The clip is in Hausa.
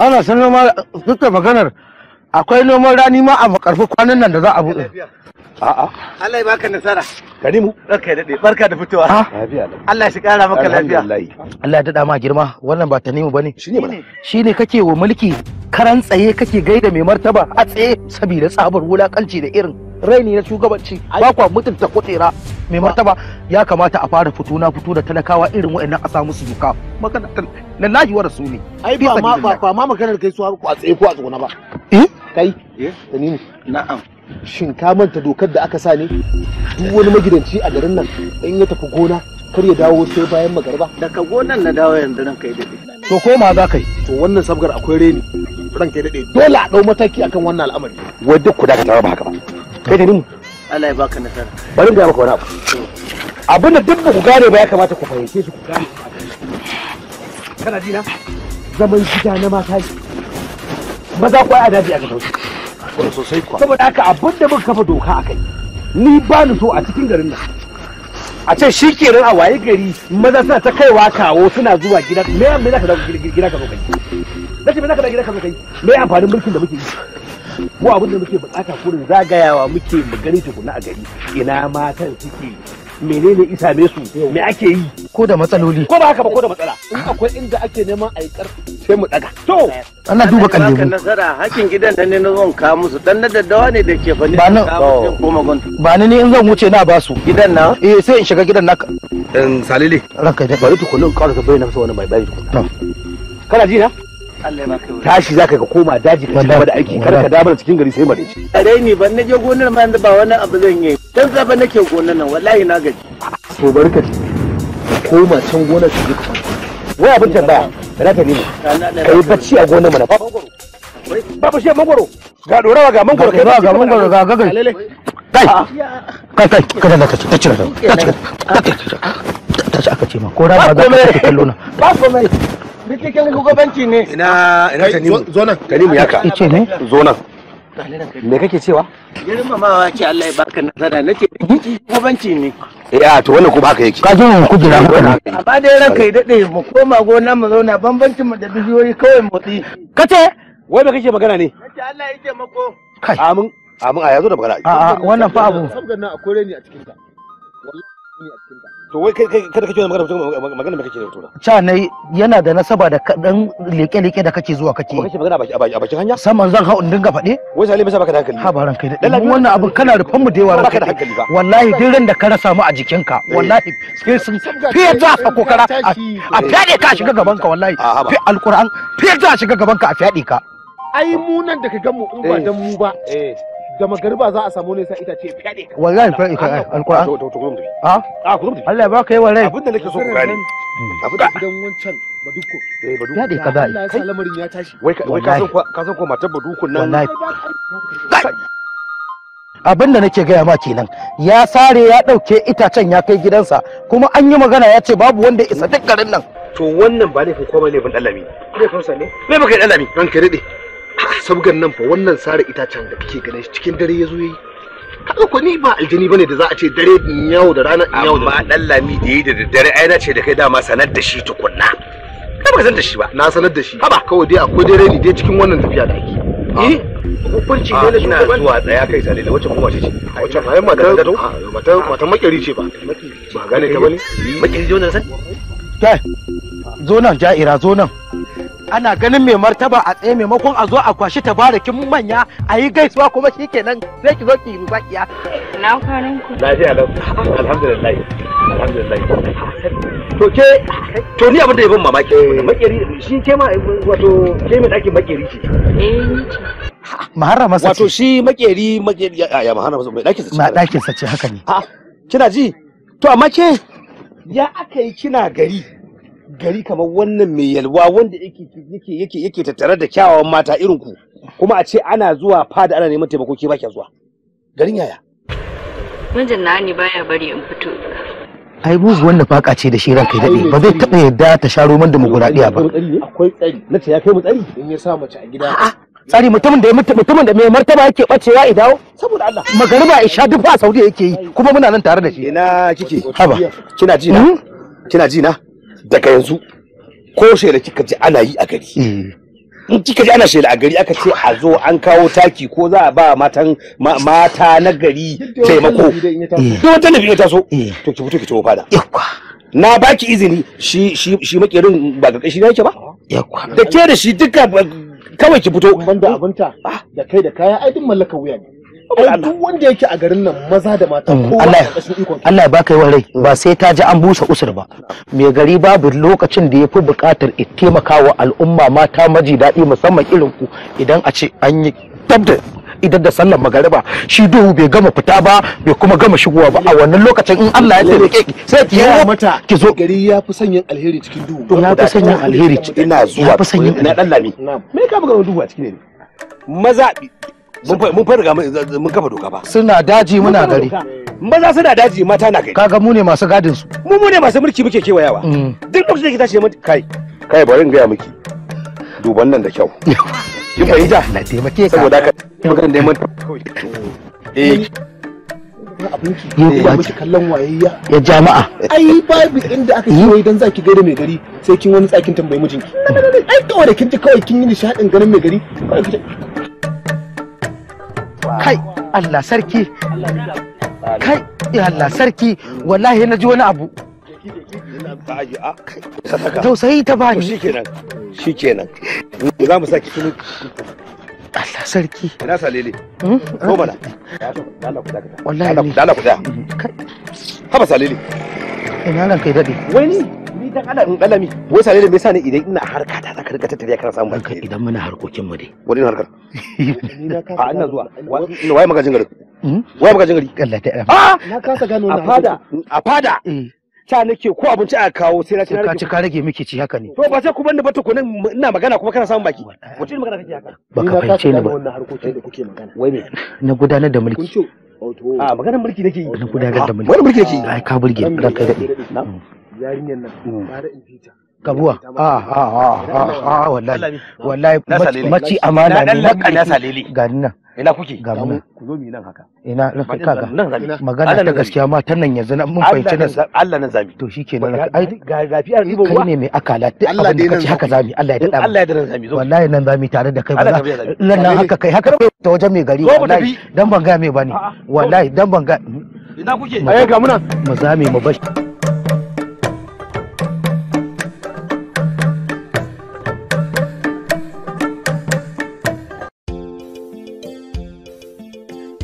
ana san noma suka maganar akwai noman rani ma a makarfi kwanan nan da za a buɗe. A'a. Allah ya baka nasara. Karimu. Barka da barka da fitowa. Ah. Lafiya Allah shi kara maka lafiya. Allah ya dada ma girma wannan ba Tanimu bane. Shine bane. Shine kake wa mulki karan tsaye kake gaida mai martaba a tsaye saboda tsabar wulakanci da irin raini na shugabanci ba kwa mutunta kutera mai martaba ya kamata a fara fito na fito da talakawa irin wa'annan a samu su duka magana lallahi wa rasuli ai ba ma ba ma maganar kai su a tsaye ko a tsuguna ba eh kai eh Tanimu na'am shin ka manta dokar da aka sa ne duk wani magidanci a garin nan in ya tafi gona kar ya dawo sai bayan magarba daga gonan na dawo yanzu ranka kai dade to ko ma za ka yi to wannan sabgar akwai reni ran kai dade dole a dau mataki akan wannan al'amari wai duk ku daga ba haka ba kai da ni Allah ya baka nasara bari ga maka wani abu abinda duk ba ku gane ba ya kamata ku fahimce shi ku gane kana ji na zaman gida na mata ne maza kwai a daji a gaban saboda haka abin da muka kafa doka a kai ni ba ni so a cikin garin nan a ce shi kenan a waye gari maza suna ta kaiwa kawo suna zuwa gida me me za ka dawo gida ka zo kai nace me za ka dawo gida ka zo kai me amfanin mulkin da muke yi ko abin da muke bukata kurin zagayawa muke mu gani tukuna a gari ina matan suke menene isa me su me ake yi ko da matsaloli ko ba haka ba ko da matsala in akwai inda ake neman a yi karfi sai mu daga to ana duba kalle mu nasara hakin gidan da ne na zon ka musu dan na daddawa ne da ke fani ba nan ba ni ne in zan wuce na ba su gidan na eh sai in shiga gidan naka Dan salile ranka da bari tukunin ƙara ka bayyana masa wani bai bayani tukunin kana ji na tashi zaka ka koma daji ka cigaba da aiki kar ka dawo mana cikin gari sai mare shi dai ni ban naje gonar ma yanzu ba wani abu zan yi dan zaba nake gonar nan wallahi na gaji to barka koma can gonar ka je ka wai abin tambaya Rana ta nemo. Ka yi bacci a gonar mana. Babu shi mangoro. Ga dorawa ga mangoro kai ga mangoro ga gagal. Kai. Ah. Kai kai ka da ka ta cira ta. Ta cira. Ta ci aka ce ma ko rama za ka kallo na. Ba komai. Bikin shugabanci ne. Ina ina ta nemo. Zo nan. Karimu ya ka. Ice ne? Zo nan. Me kake cewa? Girmamawa ce Allah ya baka nasara nace shugabanci ne. ya eh, to wannan kuma haka yake kaji mu ku jira amma dai ranka ya dade mu koma gona mu zauna bambancin mu da bishiyoyi kawai motsi kace wai me kake magana ne ce! Allah ya taimako amin amin a yazo da magana a wannan fa abu sabgan nan akwai reni a cikin ka wallahi a cikin ka to wai kai kai kada kake magana magana me kake da tura cha ne yana da nasaba da kadan leke leke da kake zuwa kake kake magana a bakin hanya saman zan hau in dinga fade wai sai masa baka da hankali ha baran kai da wannan abin kana rufan mu da yawa baka da hankali ba wallahi duk ran da ka rasa mu a jikinka eh. wallahi sai sun fiye da ka kokara a eh. fiye ka shiga gaban ka wallahi ah, fi alquran fiye da shiga gaban ka a fiye ka ai mu nan da ka gan in ba eh. dan mu ba eh da magariba za a samu ne sa itace fiyade ka wallahi fa ita alquran to to a a gurum Allah ya baka yawa rai abinda nake so ku gane abinda gidan wancan baduko eh baduko fiyade ka da Allah ya lamarin ya tashi wai ka san ka san ko matar baduko nan wallahi abin da nake gaya ma kenan ya sare ya ɗauke itacen ya kai gidansa kuma an yi magana ya ce babu wanda isa duk garin nan to wannan ba laifin komai laifin ɗalami laifin sa ne ne baka yi ɗalami don ka daɗe sabgan nan fa wannan sare itacen da kake ganin cikin dare ya zo yi kaga ko ni ba aljini bane da za a ce dare in yawo da rana in yawo da dan lami da yayi da daddare ai na ce da kai dama sanar da shi tukunna kai ba san da shi ba na sanar da shi haba kawai dai akwai dare ni dai cikin wannan tafiya da ake ah. eh hukunci ne na ah, zuwa tsaya kai sale da wacce kuma wace ce wacce ba yamma da gato mata mata ah, makiri ce ba ba gane ta bane eh. makiri zo nan san ta zo nan ja'ira zo nan ana ganin mai martaba a tsaye maimakon a zo a kwashi tabarakin manya a yi gaisuwa kuma shi kenan sai ki zo ki rusa kiya na kwanan ku lafiya lau alhamdulillah alhamdulillah to ke to ni abin da ya bin mamaki eh. makeri shi ke ma wato ke mai daki makeri ce eh, mahara masa wato shi makeri makeri ya mahara masa mai daki sace ma daki sace haka ne kina ji to amma ke ya aka yi kina gari gari kamar wannan mai yalwa wanda yake yake tattare da kyawawan mata irin ku kuma a ce ana zuwa fada ana neman taimako ke baki zuwa garin yaya mijin na ne baya bari in fito ai buzu wannan faka ce da shi ranka dade ba zai taba yadda ta sharo man demokuraɗiyya ba akwai tsari na ce ya kai mu tsari in ya sa mace a gida tsari mutumin da mutumin da mai martaba yake bacewa ya dawo saboda Allah magariba isha duk ba Saudiya yake yi kuma muna nan tare da shi ina kike haba kina ji na hmm? kina ji na daga yanzu ko shela kika ji ana yi a gari mm. in kika ji ana shela a gari aka ce a zo an kawo taki ko za a ba matan mata na gari taimako duk wata nabi ya taso mm. to ki fito ki ciwo fada na baki izini shi shi shi makerin ba ga kashi yake ba da ke da shi duka kawai ki fito banda hmm? abunta ah. da kai da kaya ai duk mallakar wuya ne duk wanda yake a garin nan maza da mata mm, Allah ya baka yawan rai ba mm. sai ta ji an busa usur ba mai gari babu lokacin da ya fi buƙatar taimaka wa al'umma mata maji daɗi musamman irin ku idan a ce an yi tabda idan da sallar magariba shi duhu bai gama fita ba bai kuma gama shigowa ba a wannan lokacin in Allah ya taimake ki sai ki yawo mata ki zo gari ya fi sanyin alheri cikin duhu to ya fi sanyin alheri ina zuwa ya fi me ka buga duhu a cikin ne maza mun fa riga mun kafa doka ba suna daji muna gari maza suna daji mata na gari kaga mu ne masu gadin su mu mu ne masu mulki muke kewayawa mm. duk lokacin da ke tashi mun kai kai bari in gaya miki duban nan da kyau kin fahimta na taimake ka saboda ka magana mun eh ya miki kallon wayayya ya jama'a ai babu inda aka yi idan zaki gaida mai gari sai kin wani tsakin tambayi mijinki ai kawai da kin ji kawai kin yi nishadin ganin mai gari kai Allah sarki kai Allah sarki wallahi na ji wani abu tausayi ta bani shikenan shikenan za mu saki kini Allah sarki ina salele ko bala wallahi dala kuda haba salele ina nan kai dade wai ni dan Allah in alami wai sare da me yasa ne idan ina harka ta zaka rika tattare kana samu barka idan muna harkokin mu dai wani harkar a ina zuwa ina magajin gari hmm? waye magajin gari Allah ta a na kasa gano na a fada eh. ta nake ko abinci a kawo sai na ci ka rage miki haka ne to ba sai ku banda ba tukunin ina magana kuma ba ka fahimce ni ba wannan harkokin da kuke magana na gudanar da mulki a maganar mulki na gudanar da mulki wani mulki nake ka burge ranka hmm. yarinyar nan bare hmm. kabuwa a a a wallahi wallahi mace amana ne makalli na salili ga nan ina kuke ga mu ku zo mi nan haka ina magana ta gaskiya matan nan yanzu mun fahimci nan Allah zami to shikenan ai ga gafiyar kai ne mai akala duk abin da kace haka zami Allah ya dada Allah ya dada zami zo wallahi nan zami tare da kai ba nan nan haka kai haka ta wajen mai gari wallahi dan ban ga mai bane wallahi dan ban ga ina kuke ai ga mu nan mu mu bashi